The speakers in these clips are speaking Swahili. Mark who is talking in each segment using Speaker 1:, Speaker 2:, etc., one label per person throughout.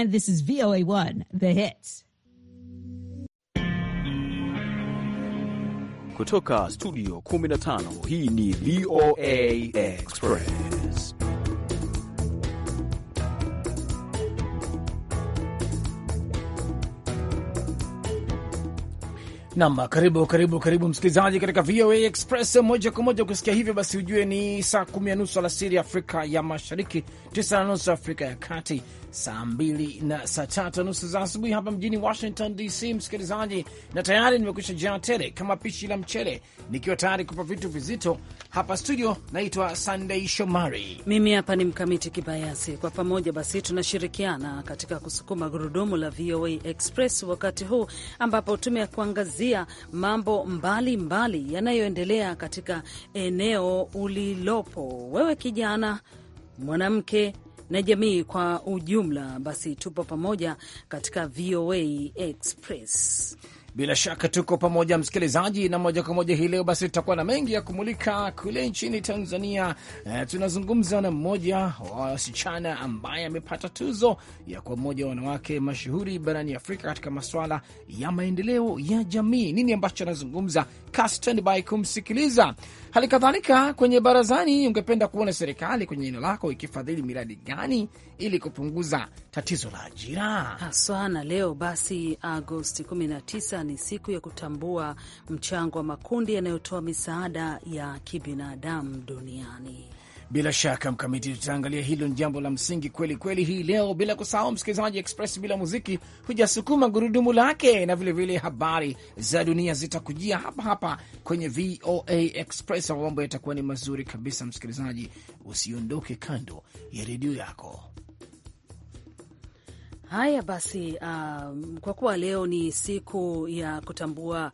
Speaker 1: And this is VOA1, The Hits.
Speaker 2: Kutoka studio 15 hii ni VOA Express. Nam, karibu karibu karibu msikilizaji katika VOA Express moja kwa moja. Kusikia hivyo basi, ujue ni saa kumi na nusu alasiri Afrika ya Mashariki, tisa na nusu Afrika ya Kati saa mbili na saa tatu nusu za asubuhi hapa mjini Washington DC, msikilizaji, na tayari nimekwisha jaa tele kama pishi la mchele, nikiwa tayari kupa vitu vizito hapa studio. Naitwa Sandei Shomari, mimi hapa ni Mkamiti Kibayasi. Kwa pamoja basi tunashirikiana katika
Speaker 1: kusukuma gurudumu la VOA Express wakati huu ambapo tumekuangazia mambo mbalimbali yanayoendelea katika eneo ulilopo wewe, kijana mwanamke na jamii kwa ujumla. Basi tupo pamoja
Speaker 2: katika VOA Express. Bila shaka tuko pamoja msikilizaji, na moja kwa moja hii leo basi tutakuwa na mengi ya kumulika kule nchini Tanzania. E, tunazungumza na mmoja wa wasichana ambaye amepata tuzo ya kuwa mmoja wa wanawake mashuhuri barani Afrika katika masuala ya maendeleo ya jamii. Nini ambacho anazungumza? Ka standby kumsikiliza. Hali kadhalika kwenye barazani, ungependa kuona serikali kwenye eneo lako ikifadhili miradi gani ili kupunguza tatizo la ajira
Speaker 1: haswa? Na leo basi, Agosti 19 ni siku ya kutambua mchango wa makundi yanayotoa misaada ya kibinadamu duniani.
Speaker 2: Bila shaka Mkamiti, tutaangalia hilo. Ni jambo la msingi kweli kweli hii leo, bila kusahau msikilizaji, Express bila muziki hujasukuma gurudumu lake, na vilevile vile habari za dunia zitakujia hapa hapa kwenye VOA Express. Mambo yatakuwa ni mazuri kabisa. Msikilizaji, usiondoke kando ya redio yako.
Speaker 1: Haya basi, um, kwa kuwa leo ni siku ya kutambua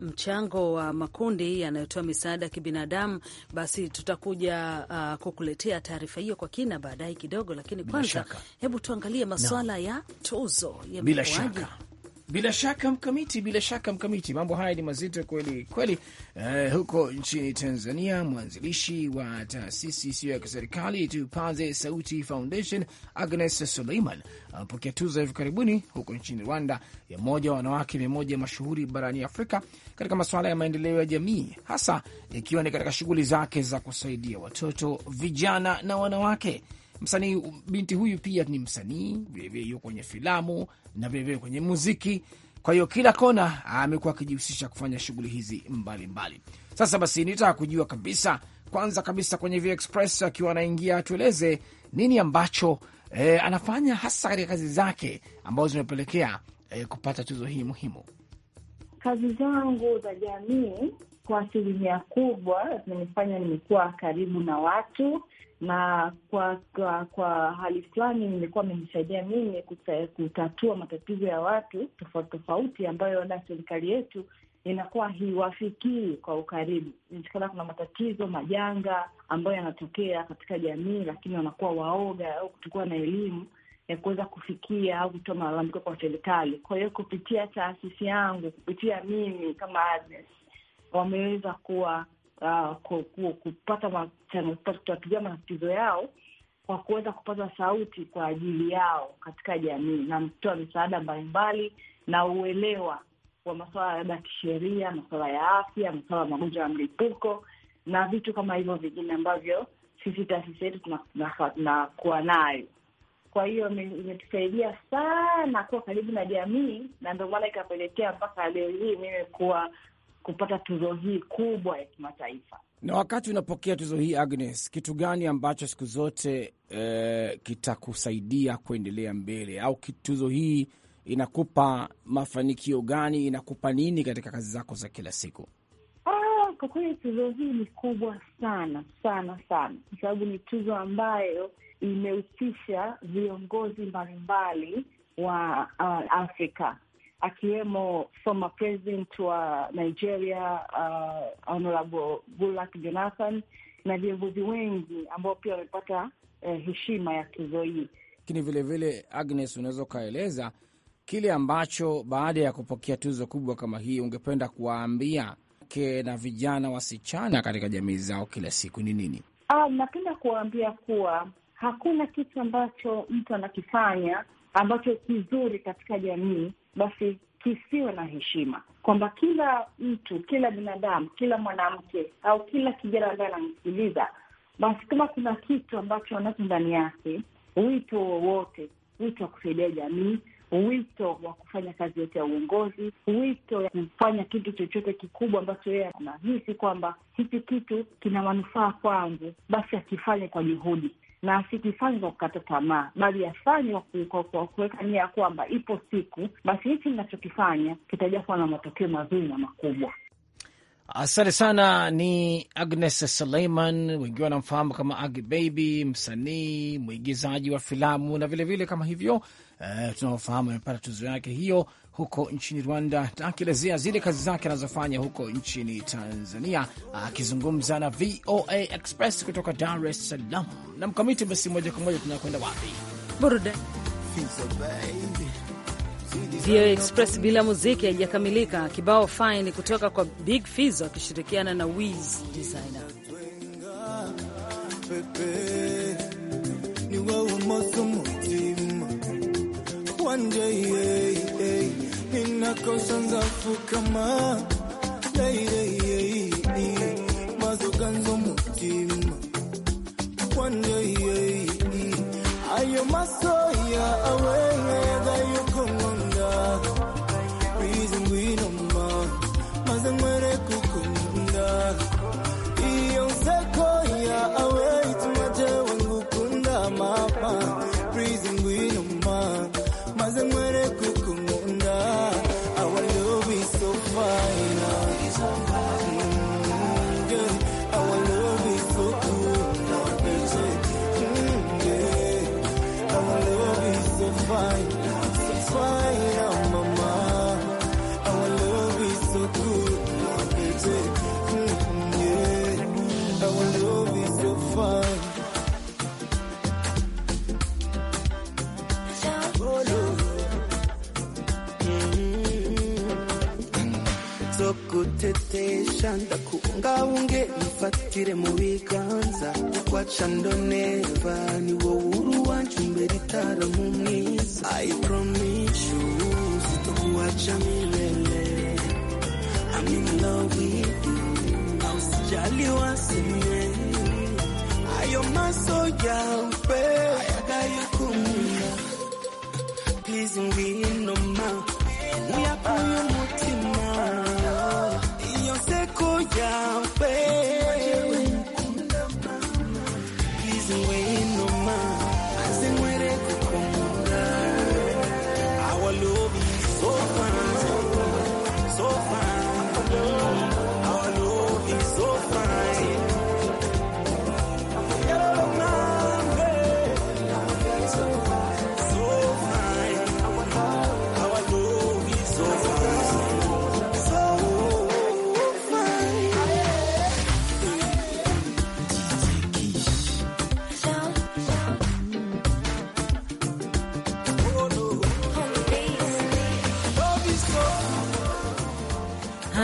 Speaker 1: mchango wa makundi yanayotoa misaada ya kibinadamu, basi tutakuja uh, kukuletea taarifa hiyo kwa kina baadaye kidogo, lakini kwanza, hebu tuangalie masuala no. ya tuzo ya shaka
Speaker 2: bila shaka mkamiti, bila shaka mkamiti, mambo haya ni mazito kweli kweli. Eh, huko nchini Tanzania, mwanzilishi wa taasisi isiyo ya kiserikali Tupaze Sauti Foundation, Agnes Suleiman amepokea tuzo hivi karibuni huko nchini Rwanda ya mmoja wa wanawake mia moja mashuhuri barani Afrika katika masuala ya maendeleo ya jamii, hasa ikiwa ni katika shughuli zake za kusaidia watoto, vijana na wanawake msanii binti huyu pia ni msanii vilevile, yuko kwenye filamu na vilevile kwenye muziki. Kwa hiyo kila kona amekuwa akijihusisha kufanya shughuli hizi mbalimbali mbali. Sasa basi, nitaka kujua kabisa, kwanza kabisa kwenye V Express akiwa anaingia, atueleze nini ambacho eh, anafanya hasa katika kazi zake ambazo zimepelekea eh, kupata tuzo hii muhimu.
Speaker 3: Kazi zangu za jamii kwa asilimia kubwa zimenifanya nimekuwa karibu na watu na kwa kwa, kwa hali fulani imekuwa amenisaidia mimi kutatua matatizo ya watu tofauti tofauti ambayo na serikali yetu inakuwa hiwafikii kwa ukaribu. Inashikana kuna matatizo majanga ambayo yanatokea katika jamii, lakini wanakuwa waoga au kutokuwa na elimu ya kuweza kufikia au kutoa malalamiko kwa serikali. Kwa hiyo kupitia taasisi yangu, kupitia mimi kama Agnes, wameweza kuwa uh, kupata kupigana matatizo yao kwa kuweza kupata sauti kwa ajili yao katika jamii na mtoa misaada mbalimbali na uelewa wa masuala labda ya kisheria, masuala ya afya, masuala ya magonjwa ya mlipuko na vitu kama hivyo vingine ambavyo sisi taasisi yetu tunakuwa nayo. Kwa hiyo imetusaidia sana kuwa karibu na jamii, na ndio maana ikapelekea mpaka leo hii mimi kuwa kupata tuzo hii kubwa ya kimataifa.
Speaker 2: Na wakati unapokea tuzo hii Agnes, kitu gani ambacho siku zote eh, kitakusaidia kuendelea mbele, au tuzo hii inakupa mafanikio gani? Inakupa nini katika kazi zako za kila siku?
Speaker 3: Ah, kwa kweli tuzo hii ni kubwa sana sana sana, kwa sababu ni tuzo ambayo imehusisha viongozi mbalimbali wa uh, Afrika akiwemo former president wa Nigeria uh, Honorable Goodluck Jonathan na viongozi
Speaker 2: wengi ambao pia wamepata eh, heshima ya tuzo hii. Lakini vilevile, Agnes, unaweza ukaeleza kile ambacho baada ya kupokea tuzo kubwa kama hii ungependa kuwaambia ke na vijana wasichana katika jamii zao kila siku ni nini?
Speaker 3: Ah, napenda kuwaambia kuwa hakuna kitu ambacho mtu anakifanya ambacho kizuri katika jamii, basi kisiwe na heshima, kwamba kila mtu, kila binadamu, kila mwanamke au kila kijana ambaye anamsikiliza, basi kama kuna kitu ambacho anacho ndani yake, wito wowote, wito wa kusaidia jamii, wito wa kufanya kazi yote ya uongozi, wito ya kufanya kitu chochote kikubwa ambacho yeye anahisi kwamba hichi kitu kina manufaa kwangu, basi akifanye kwa juhudi na asikifanye kwa kukata tamaa, bali yafanywa kwa kuweka nia ya kwamba ipo siku, basi hichi ninachokifanya kitaja kuwa na matokeo mazuri na makubwa.
Speaker 2: Asante sana. Ni Agnes Suleiman, wengi wanamfahamu kama Agi Baby, msanii mwigizaji wa filamu na vilevile vile kama hivyo uh, tunaofahamu amepata tuzo yake hiyo huko nchini Rwanda, akielezea zile kazi zake anazofanya huko nchini Tanzania, akizungumza uh, na VOA Express kutoka Dar es Salaam. Na mkamiti, basi moja kwa moja tunakwenda wapi? Burudani.
Speaker 1: VOA Express bila muziki haijakamilika. Kibao fine kutoka kwa Big fizo akishirikiana na Wiz Designer.
Speaker 4: ndakungaunge mfatire mu biganza kwaca ndoneva ni wowe uri uwanje umbera itarama umwiza I promise you sitokuwacha milele I'm in love with you na usijali wasimye ayo maso ya upe ayagaye kumira please ngwinoma uyakuyo Yahweh.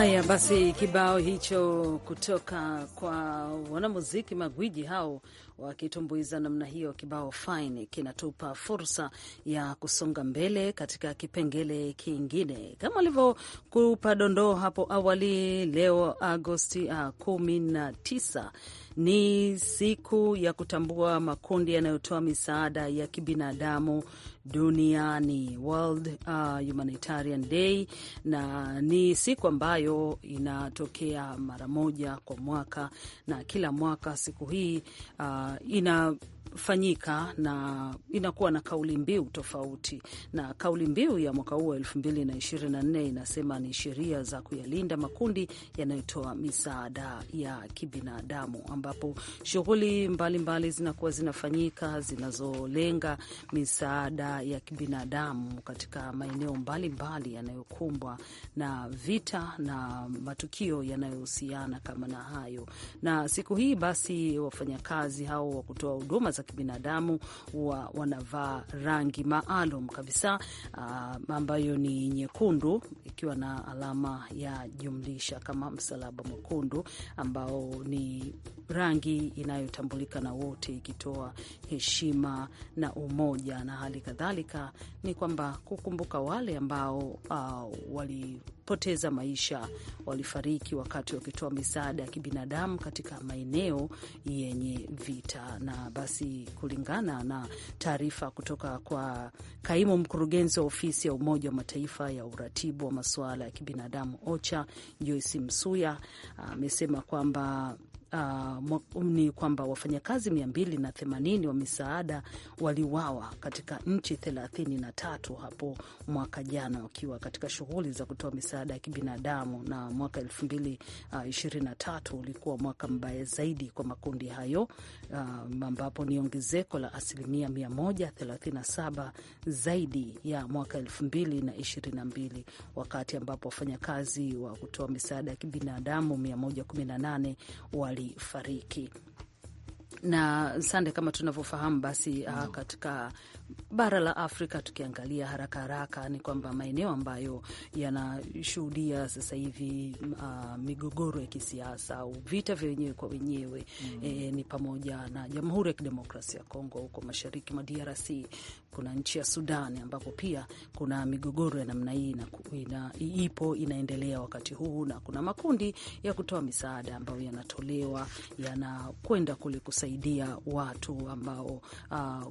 Speaker 1: Haya basi, kibao hicho kutoka kwa wanamuziki magwiji hao wakitumbuiza namna hiyo, kibao fine kinatupa fursa ya kusonga mbele katika kipengele kingine. Kama alivyokupa dondoo hapo awali, leo Agosti uh, kumi na tisa ni siku ya kutambua makundi yanayotoa misaada ya kibinadamu duniani, World uh, Humanitarian Day, na ni siku ambayo inatokea mara moja kwa mwaka, na kila mwaka siku hii uh, ina inafanyika na inakuwa na kauli mbiu tofauti, na kauli mbiu ya mwaka huu wa 2024 inasema ni sheria za kuyalinda makundi yanayotoa misaada ya kibinadamu, ambapo shughuli mbalimbali zinakuwa zinafanyika zinazolenga misaada ya kibinadamu katika maeneo mbalimbali yanayokumbwa na vita na matukio yanayohusiana kama na hayo. Na siku hii basi wafanyakazi hao wa kutoa huduma za kibinadamu huwa wanavaa rangi maalum kabisa uh, ambayo ni nyekundu ikiwa na alama ya jumlisha kama msalaba mwekundu ambao ni rangi inayotambulika na wote ikitoa heshima na umoja, na hali kadhalika ni kwamba kukumbuka wale ambao uh, ah, wali poteza maisha walifariki wakati wakitoa misaada ya kibinadamu katika maeneo yenye vita. Na basi kulingana na taarifa kutoka kwa kaimu mkurugenzi wa ofisi ya Umoja wa Mataifa ya uratibu wa masuala ya kibinadamu OCHA, Joyce Msuya amesema kwamba uh, ni kwamba wafanyakazi 280 wa misaada waliuawa katika nchi 33 hapo mwaka jana wakiwa katika shughuli za kutoa misaada ya kibinadamu, na mwaka 2023 ah, ulikuwa mwaka mbaya zaidi kwa makundi hayo uh, ambapo ni ongezeko la asilimia 137 zaidi ya mwaka 2022 wakati ambapo wafanyakazi wa kutoa misaada ya kibinadamu 118 wali alifariki na sande, kama tunavyofahamu basi, mm. katika bara la Afrika tukiangalia haraka haraka ni kwamba maeneo ambayo yanashuhudia sasa hivi uh, migogoro ya kisiasa au vita vya wenyewe kwa wenyewe mm. e, ni pamoja na Jamhuri ya Kidemokrasia ya Kongo huko mashariki mwa DRC, kuna nchi ya sudani ambapo pia kuna migogoro ya namna hii ina, ipo inaendelea wakati huu, na kuna makundi ya kutoa misaada ambayo yanatolewa yanakwenda kule kusaidia watu ambao uh,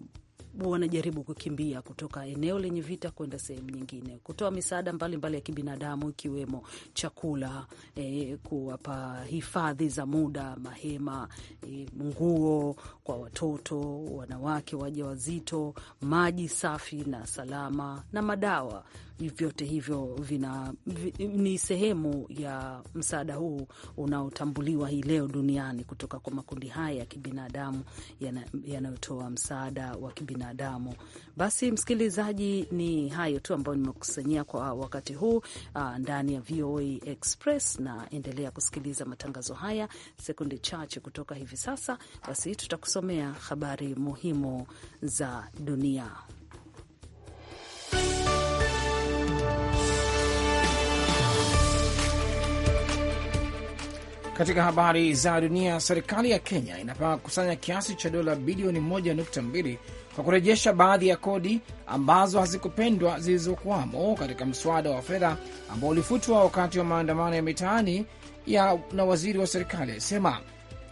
Speaker 1: wanajaribu kukimbia kutoka eneo lenye vita kwenda sehemu nyingine, kutoa misaada mbalimbali ya kibinadamu ikiwemo chakula e, kuwapa hifadhi za muda, mahema e, nguo kwa watoto, wanawake waja wazito, maji safi na salama na madawa vyote hivyo vina, v, ni sehemu ya msaada huu unaotambuliwa hii leo duniani kutoka kwa makundi haya ya kibinadamu yanayotoa msaada wa kibinadamu. Basi msikilizaji, ni hayo tu ambayo nimekusanyia kwa wakati huu uh, ndani ya VOA Express, na endelea kusikiliza matangazo haya sekunde chache kutoka hivi sasa. Basi tutakusomea habari muhimu za dunia.
Speaker 2: Katika habari za dunia, serikali ya Kenya inapanga kukusanya kiasi cha dola bilioni 1.2 kwa kurejesha baadhi ya kodi ambazo hazikupendwa zilizokuwamo katika mswada wa fedha ambao ulifutwa wakati wa maandamano ya mitaani ya na waziri wa serikali alisema.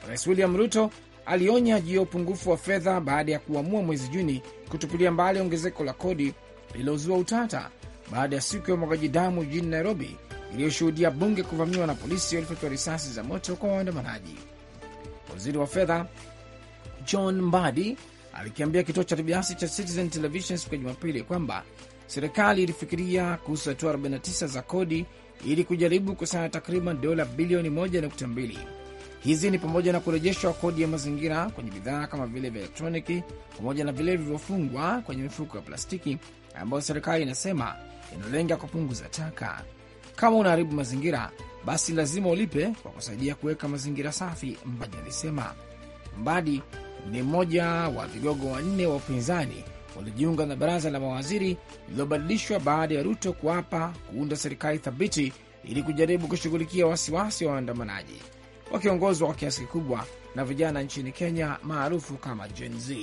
Speaker 2: Rais William Ruto alionya juu ya upungufu wa fedha baada ya kuamua mwezi Juni kutupilia mbali ongezeko la kodi lililozua utata baada ya siku ya umwagaji damu jijini Nairobi iliyoshuhudia bunge kuvamiwa na polisi walifyatua risasi za moto kwa waandamanaji. Waziri wa fedha John Mbadi alikiambia kituo cha tibiasi cha Citizen Television siku ya Jumapili kwamba serikali ilifikiria kuhusu hatua 49 za kodi ili kujaribu kusanya takriban dola bilioni 1.2. Hizi ni pamoja na kurejeshwa kodi ya mazingira kwenye bidhaa kama vile vya elektroniki pamoja na vile vilivyofungwa kwenye mifuko ya plastiki ambayo serikali inasema inalenga kupunguza taka. Kama unaharibu mazingira, basi lazima ulipe kwa kusaidia kuweka mazingira safi, Mbadi alisema. Mbadi ni mmoja wa vigogo wanne wa upinzani walijiunga na baraza la mawaziri lililobadilishwa baada ya Ruto kuapa kuunda serikali thabiti ili kujaribu kushughulikia wasiwasi wa waandamanaji wakiongozwa kwa kiasi kikubwa na vijana nchini Kenya maarufu kama Gen Z.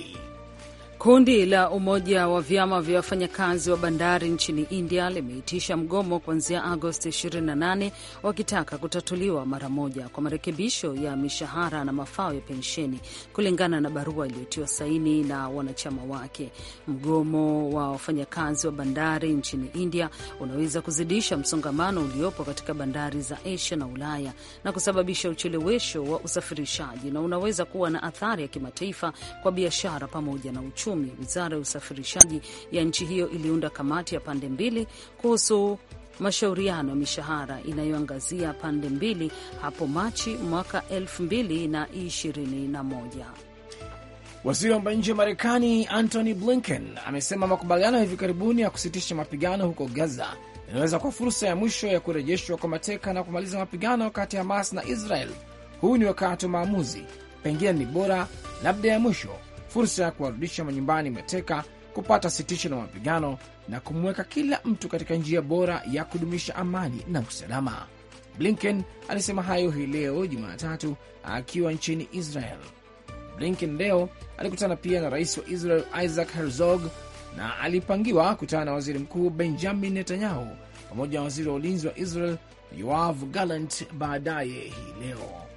Speaker 2: Kundi la umoja wa vyama vya wafanyakazi
Speaker 1: wa bandari nchini India limeitisha mgomo kuanzia Agosti 28 wakitaka kutatuliwa mara moja kwa marekebisho ya mishahara na mafao ya pensheni, kulingana na barua iliyotiwa saini na wanachama wake. Mgomo wa wafanyakazi wa bandari nchini India unaweza kuzidisha msongamano uliopo katika bandari za Asia na Ulaya na kusababisha uchelewesho wa usafirishaji na unaweza kuwa na athari ya kimataifa kwa biashara pamoja na uchumi uchumi, wizara ya usafirishaji ya nchi hiyo iliunda kamati ya pande mbili kuhusu mashauriano ya mishahara inayoangazia pande mbili hapo Machi mwaka 2021.
Speaker 2: Waziri wa mambo ya nje wa Marekani Antony Blinken amesema makubaliano ya hivi karibuni ya kusitisha mapigano huko Gaza inaweza kuwa fursa ya mwisho ya kurejeshwa kwa mateka na kumaliza mapigano kati ya Hamas na Israel. Huu ni wakati wa maamuzi, pengine ni bora, labda ya mwisho fursa ya kuwarudisha manyumbani mateka, kupata sitisho la mapigano na kumweka kila mtu katika njia bora ya kudumisha amani na usalama. Blinken alisema hayo hii leo Jumatatu akiwa nchini Israel. Blinken leo alikutana pia na rais wa Israel Isaac Herzog na alipangiwa kutana na waziri mkuu Benjamin Netanyahu pamoja na waziri wa ulinzi wa Israel Yoav Gallant baadaye hii
Speaker 5: leo.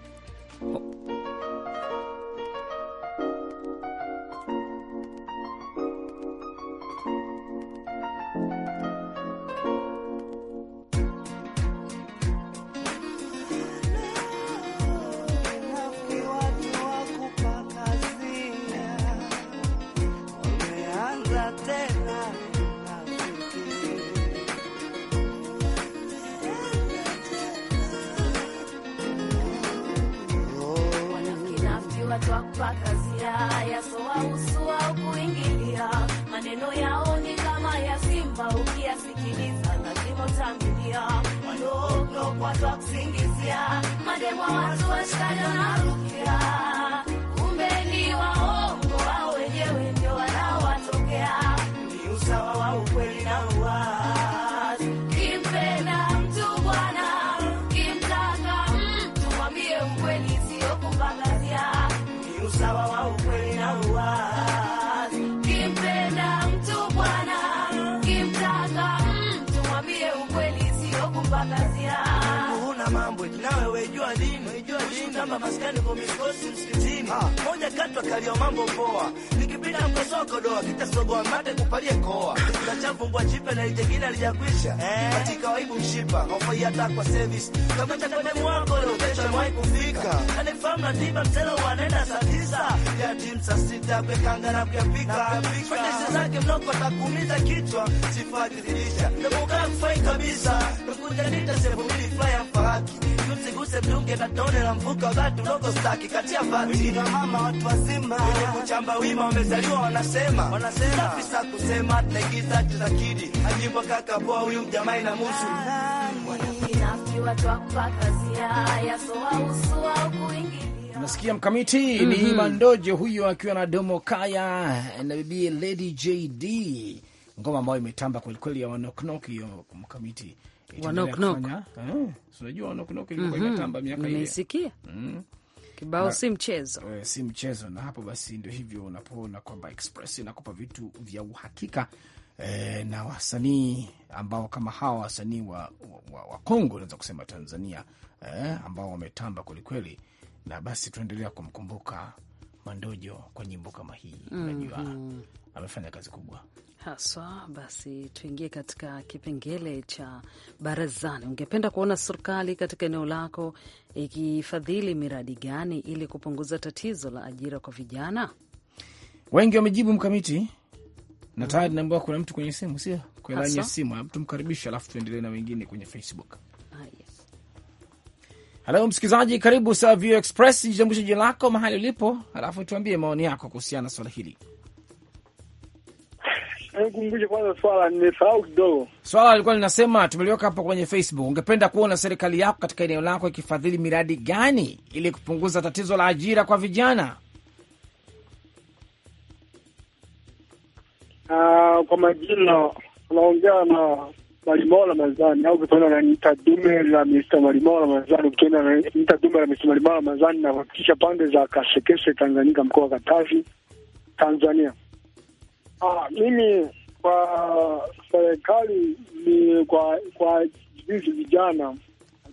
Speaker 4: kama maskani kwa mikosi msikitini moja katwa kalio mambo poa nikipita mkosoko doa kitasogoa mate kupalie koa nachavumbwa chipe na ijengine alijakwisha eh. katika waibu mshipa ofai hata kwa service kama chakone mwako leo kesho mwai kufika kanifahamu ratiba mselo wanaenda saa tisa ya timu saa sita kwekanga na kuyapika fanyesi zake mnoko atakuumiza kichwa sifatidhilisha namukaa kufai kabisa nukujanita sevu mili flaya mfahaki yusiguse mdunge na tone la mvuka watu dogo staki kati ya fati na mama watu wazima wenye kuchamba wima wamezaliwa wanasema wanasema afisa kusema tunaigiza tunakidi ajimbo kaka poa huyu mjamaa ina musu
Speaker 2: Nasikia mkamiti ni mm -hmm. Mandoje huyo akiwa na Domo Kaya na bibi Lady JD, ngoma ambayo imetamba kwelikweli ya wanoknok hiyo mkamiti Eh, unajua ilikuwa mhm. imetamba miaka ile, nimesikia mm.
Speaker 1: kibao, si mchezo
Speaker 2: e, si mchezo. Na hapo basi ndio hivyo unapoona kwamba Express inakupa vitu vya uhakika e, na wasanii ambao kama hawa wasanii wa, wa, wa Kongo naweza kusema Tanzania e, ambao wametamba kwelikweli, na basi tunaendelea kumkumbuka Mandojo kwa nyimbo kama hii, unajua mm -hmm. amefanya kazi kubwa
Speaker 1: haswa. Basi tuingie katika kipengele cha barazani. Ungependa kuona serikali katika eneo lako ikifadhili miradi gani ili kupunguza tatizo la ajira kwa vijana?
Speaker 2: Wengi wamejibu mkamiti na mm. tayari naambiwa kuna mtu kwenye simu, sio kwenye laini ya simu. Tumkaribisha alafu tuendelee na wengine kwenye Facebook. Halo ah, msikilizaji, karibu saa Vio Express. jina lako, mahali ulipo, alafu tuambie maoni yako kuhusiana na swala hili. Nikumbushe kwanza swala, nimesahau kidogo. Swala lilikuwa linasema, tumeliweka hapo kwenye Facebook, ungependa kuona serikali yako katika eneo lako ikifadhili miradi gani ili kupunguza tatizo la ajira kwa vijana?
Speaker 5: Uh, kwa majina unaongea na Malimola Mazani au kutana nita dume la Mista Malimola Mazani, ukienda na nita dume la Mista Malimola Mazani, na kuhakikisha pande za Kasekese Tanganyika, mkoa wa Katavi, Tanzania. Ah, mimi kwa serikali ni kwa kwa sisi vijana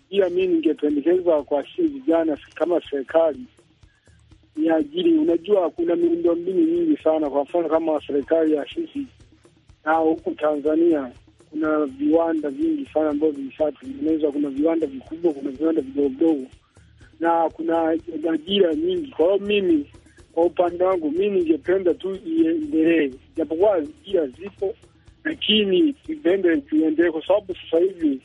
Speaker 5: pia, mi ningependekeza kwa sisi vijana kama serikali ni ajili. Unajua, kuna miundo mbinu nyingi sana. Kwa mfano kama serikali ya sisi na huku Tanzania kuna viwanda vingi sana ambavyo vishatengenezwa. Kuna viwanda vikubwa, kuna viwanda vidogo vidogo, na kuna ajira nyingi. Kwa hiyo mimi kwa upande wangu mimi ningependa tu iendelee, japokuwa pia zipo, lakini ipende iendelee, kwa sababu sasa hivi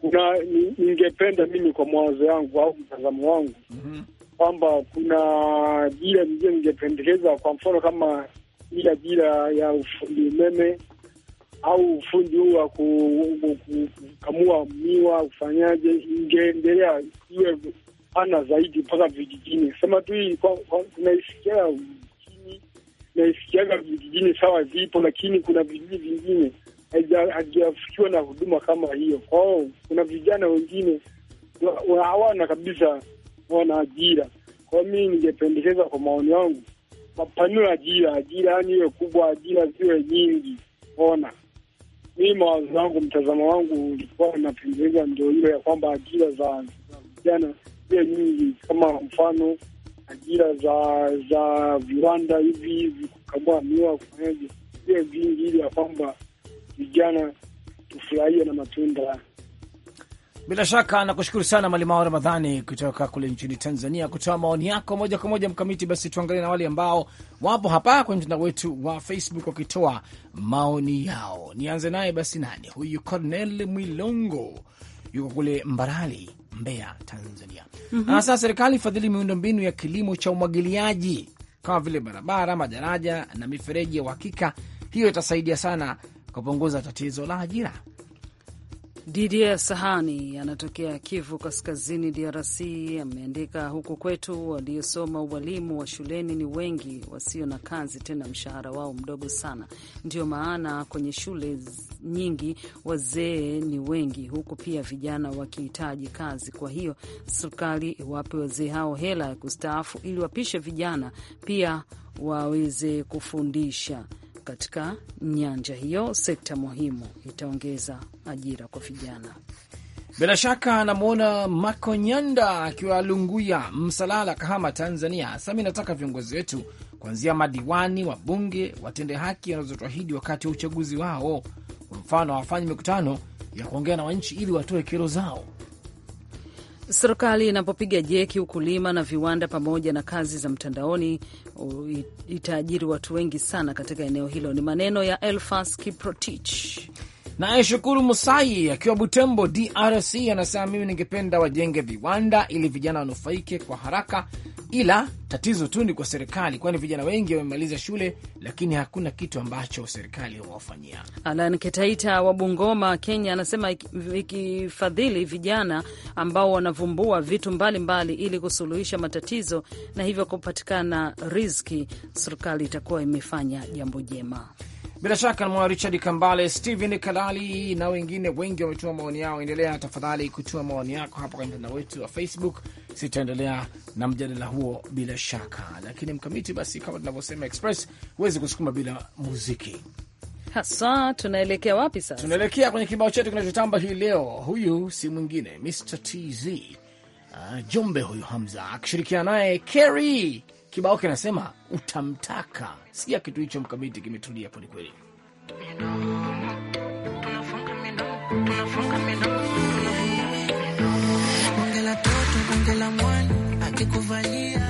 Speaker 5: kuna ningependa mimi kwa mawazo yangu au mtazamo wangu mhm. kwamba mm -hmm. kuna jira nyingine ningependekeza, kwa mfano kama ile ajira ya ufundi umeme au ufundi huu wa kukamua miwa, ufanyaje, ingeendelea iwe pana zaidi mpaka vijijini. Sema tu hii tunaisikia mjini, naisikiaga vijijini, sawa zipo, lakini kuna vijiji vingine hajafikiwa na huduma kama hiyo. Kwao kuna vijana wengine hawana kabisa, wana ajira. Kwa mi ningependekeza kwa maoni yangu, mapanua ajira, ajira yani iwe kubwa, ajira ziwe nyingi. Ona, mi mawazo wangu, mtazamo wangu ulikuwa napendekeza ndio hiyo ya kwamba ajira za vijana pia nyingi, kama mfano ajira za za viwanda hivi hivi, kukamua miwa, kufanyaje, pia vingi, ili ya kwamba vijana tufurahie na matunda.
Speaker 2: Bila shaka nakushukuru sana wa Ramadhani kutoka kule nchini Tanzania kutoa maoni yako moja kwa moja. Mkamiti, basi tuangalie na wale ambao wapo hapa kwenye mtandao wetu wa Facebook wakitoa maoni yao. Nianze naye basi, nani huyu? Cornel Mwilongo yuko kule Mbarali Mbeya, Tanzania. mm -hmm. serikali ifadhili miundombinu ya kilimo cha umwagiliaji kama vile barabara, madaraja na mifereji ya uhakika. Hiyo itasaidia sana kupunguza tatizo la ajira. Didier Sahani anatokea Kivu Kaskazini,
Speaker 1: DRC, ameandika huku kwetu waliosoma ualimu wa shuleni ni wengi wasio na kazi, tena mshahara wao mdogo sana. Ndio maana kwenye shule nyingi wazee ni wengi, huku pia vijana wakihitaji kazi. Kwa hiyo serikali iwape wazee hao hela ya kustaafu ili wapishe vijana pia waweze kufundisha katika nyanja hiyo, sekta muhimu,
Speaker 2: itaongeza ajira kwa vijana. Bila shaka Mako Makonyanda akiwa Lunguya, Msalala, Kahama, Tanzania. Sami, nataka viongozi wetu kuanzia madiwani, wabunge watende haki wanazotuahidi wakati wa uchaguzi wao. Kwa mfano, hawafanyi mikutano ya kuongea na wananchi ili watoe kero zao,
Speaker 1: Serikali inapopiga jeki ukulima na viwanda pamoja na kazi za mtandaoni, itaajiri watu wengi sana katika eneo hilo. Ni maneno ya Elfas Kiprotich.
Speaker 2: Naye Shukuru Musai akiwa Butembo, DRC, anasema mimi ningependa wajenge viwanda ili vijana wanufaike kwa haraka, ila tatizo tu ni kwa serikali, kwani vijana wengi wamemaliza shule, lakini hakuna kitu ambacho serikali wawafanyia. Alan
Speaker 1: Ketaita wa Bungoma, Kenya, anasema ikifadhili vijana ambao wanavumbua vitu mbalimbali mbali ili kusuluhisha matatizo na hivyo kupatikana riziki,
Speaker 2: serikali itakuwa imefanya jambo jema bila shaka namwona Richard Kambale, Stephen Kalali na wengine wengi wametuma maoni yao. Endelea tafadhali kutuma maoni yako hapa kwenye mtandao wetu wa Facebook. Sitaendelea na mjadala huo bila shaka, lakini Mkamiti, basi kama tunavyosema Express huwezi kusukuma bila muziki
Speaker 1: hasa. Tunaelekea
Speaker 2: wapi sasa? Tunaelekea kwenye kibao chetu kinachotamba hii leo. Huyu si mwingine Mr TZ, uh, ah, Jumbe huyu Hamza akishirikiana naye Kerry kibao kinasema utamtaka. Sikia kitu hicho, mkamiti kimetulia kweli. Bonge
Speaker 6: la toto, bonge la mwani akikuvalia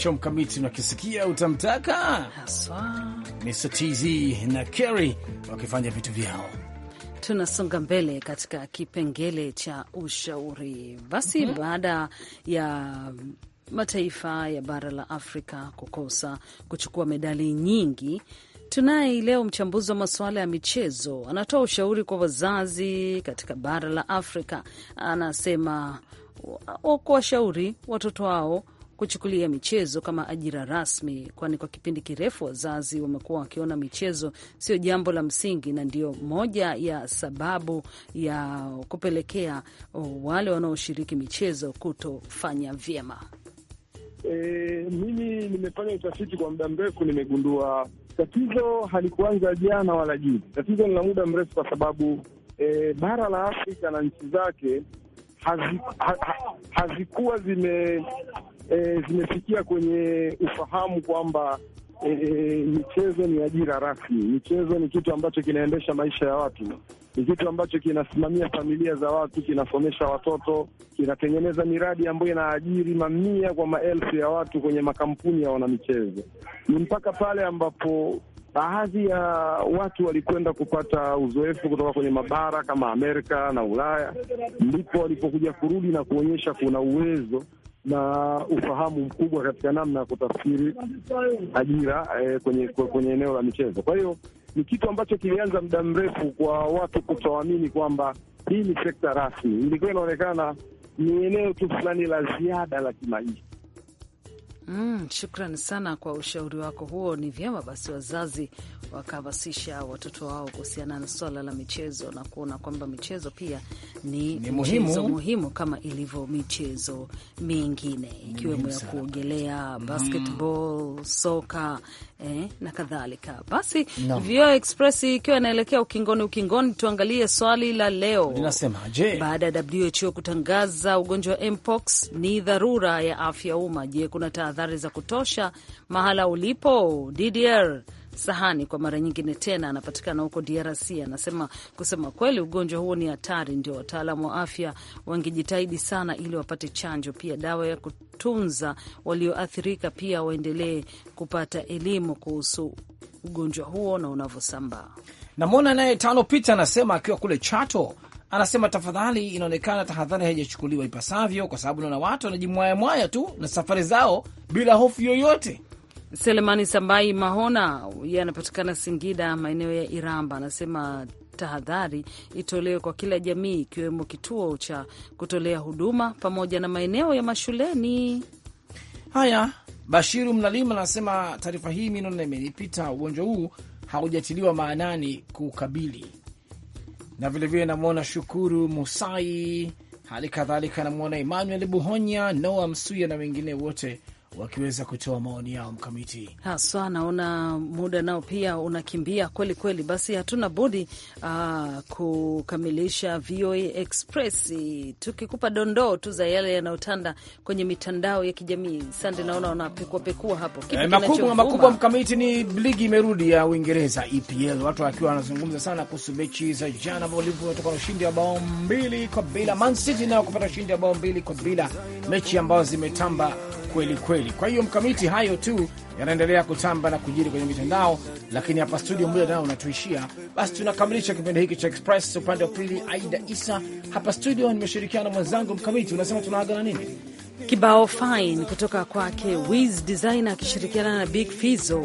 Speaker 2: hicho mkamiti, unakisikia utamtaka haswa. Mr TZ na Kerry wakifanya vitu vyao.
Speaker 1: Tunasonga mbele katika kipengele cha ushauri basi. mm -hmm. baada ya mataifa ya bara la Afrika kukosa kuchukua medali nyingi tunaye leo mchambuzi wa masuala ya michezo anatoa ushauri kwa wazazi katika bara la Afrika. Anasema wakuwashauri watoto wao kuchukulia michezo kama ajira rasmi, kwani kwa kipindi kirefu wazazi wamekuwa wakiona michezo sio jambo la msingi, na ndio moja ya sababu ya kupelekea uh, wale wanaoshiriki michezo kutofanya vyema.
Speaker 5: E, mimi nimefanya utafiti kwa muda mrefu, nimegundua tatizo halikuanza jana wala juzi. Tatizo ni la muda mrefu, kwa sababu e, bara la Afrika na nchi zake hazikuwa ha, ha, zime e, zimefikia kwenye ufahamu kwamba e, e, michezo ni ajira rasmi. Michezo ni kitu ambacho kinaendesha maisha ya watu, ni kitu ambacho kinasimamia familia za watu, kinasomesha watoto, kinatengeneza miradi ambayo inaajiri mamia kwa maelfu ya watu kwenye makampuni ya wanamichezo. Ni mpaka pale ambapo baadhi ya watu walikwenda kupata uzoefu kutoka kwenye mabara kama Amerika na Ulaya, ndipo walipokuja kurudi na kuonyesha kuna uwezo na ufahamu mkubwa katika namna ya kutafsiri ajira eh, kwenye kwenye eneo la michezo. Kwa hiyo ni kitu ambacho kilianza muda mrefu kwa watu kutoamini kwamba hii ni sekta rasmi, ilikuwa inaonekana ni eneo tu fulani la ziada la kimaisha.
Speaker 1: Mm, shukran sana kwa ushauri wako huo. Ni vyema basi wazazi wakahamasisha watoto wao kuhusiana na swala la michezo na kuona kwamba michezo pia ni, ni muhimu, Michezo muhimu kama ilivyo michezo mingine ikiwemo ya kuogelea, mm. basketball, mm, soka eh, na kadhalika. Basi no. Express ikiwa inaelekea ukingoni, ukingoni, tuangalie swali la leo linasemaje? Baada ya WHO kutangaza ugonjwa wa mpox ni dharura ya afya umma, je, kuna tahadhari tahadhari za kutosha mahala ulipo. DDR Sahani kwa mara nyingine tena anapatikana huko DRC, anasema kusema kweli, ugonjwa huo ni hatari, ndio wataalamu wa afya wangejitahidi sana ili wapate chanjo, pia dawa ya kutunza walioathirika, pia waendelee
Speaker 2: kupata elimu kuhusu ugonjwa huo na unavyosambaa. Namwona naye Tano Pita anasema akiwa kule Chato anasema tafadhali, inaonekana tahadhari haijachukuliwa ipasavyo, kwa sababu naona watu wanajimwayamwaya tu na safari zao bila hofu yoyote.
Speaker 1: Selemani Sambai Mahona yanapatikana Singida, maeneo ya Iramba, anasema tahadhari itolewe kwa kila jamii, ikiwemo kituo cha kutolea huduma pamoja na maeneo ya mashuleni. Haya,
Speaker 2: Bashiru Mnalima anasema taarifa hii minona imenipita, ugonjwa huu haujatiliwa maanani kukabili na vilevile namwona Shukuru Musai, hali kadhalika namwona Emmanuel Buhonya, Noa Msuya na wengine wote wakiweza kutoa maoni yao mkamiti
Speaker 1: haswa. Naona muda nao pia unakimbia kweli kweli, basi hatuna budi uh, kukamilisha VOA Express tukikupa dondoo tu za yale yanayotanda kwenye mitandao ya kijamii. Sande, naona wanapekuapekua hapo eh, makubwa makubwa.
Speaker 2: Mkamiti ni ligi imerudi ya Uingereza EPL, watu wakiwa wanazungumza sana kuhusu mechi za jana, walivyotoka ushindi wa bao mbili kwa bila, Man City nao kupata ushindi wa bao mbili kwa bila, mechi ambazo zimetamba kweli kweli. Kwa hiyo mkamiti, hayo tu yanaendelea kutamba na kujiri kwenye mitandao, lakini hapa studio muda nao unatuishia. Basi tunakamilisha kipindi hiki cha Express. Upande wa pili, Aida Isa hapa studio, nimeshirikiana na mwenzangu Mkamiti. Unasema tunaaga na nini? Kibao fine
Speaker 1: kutoka kwake Wiz Designer akishirikiana na Big
Speaker 7: Fizo.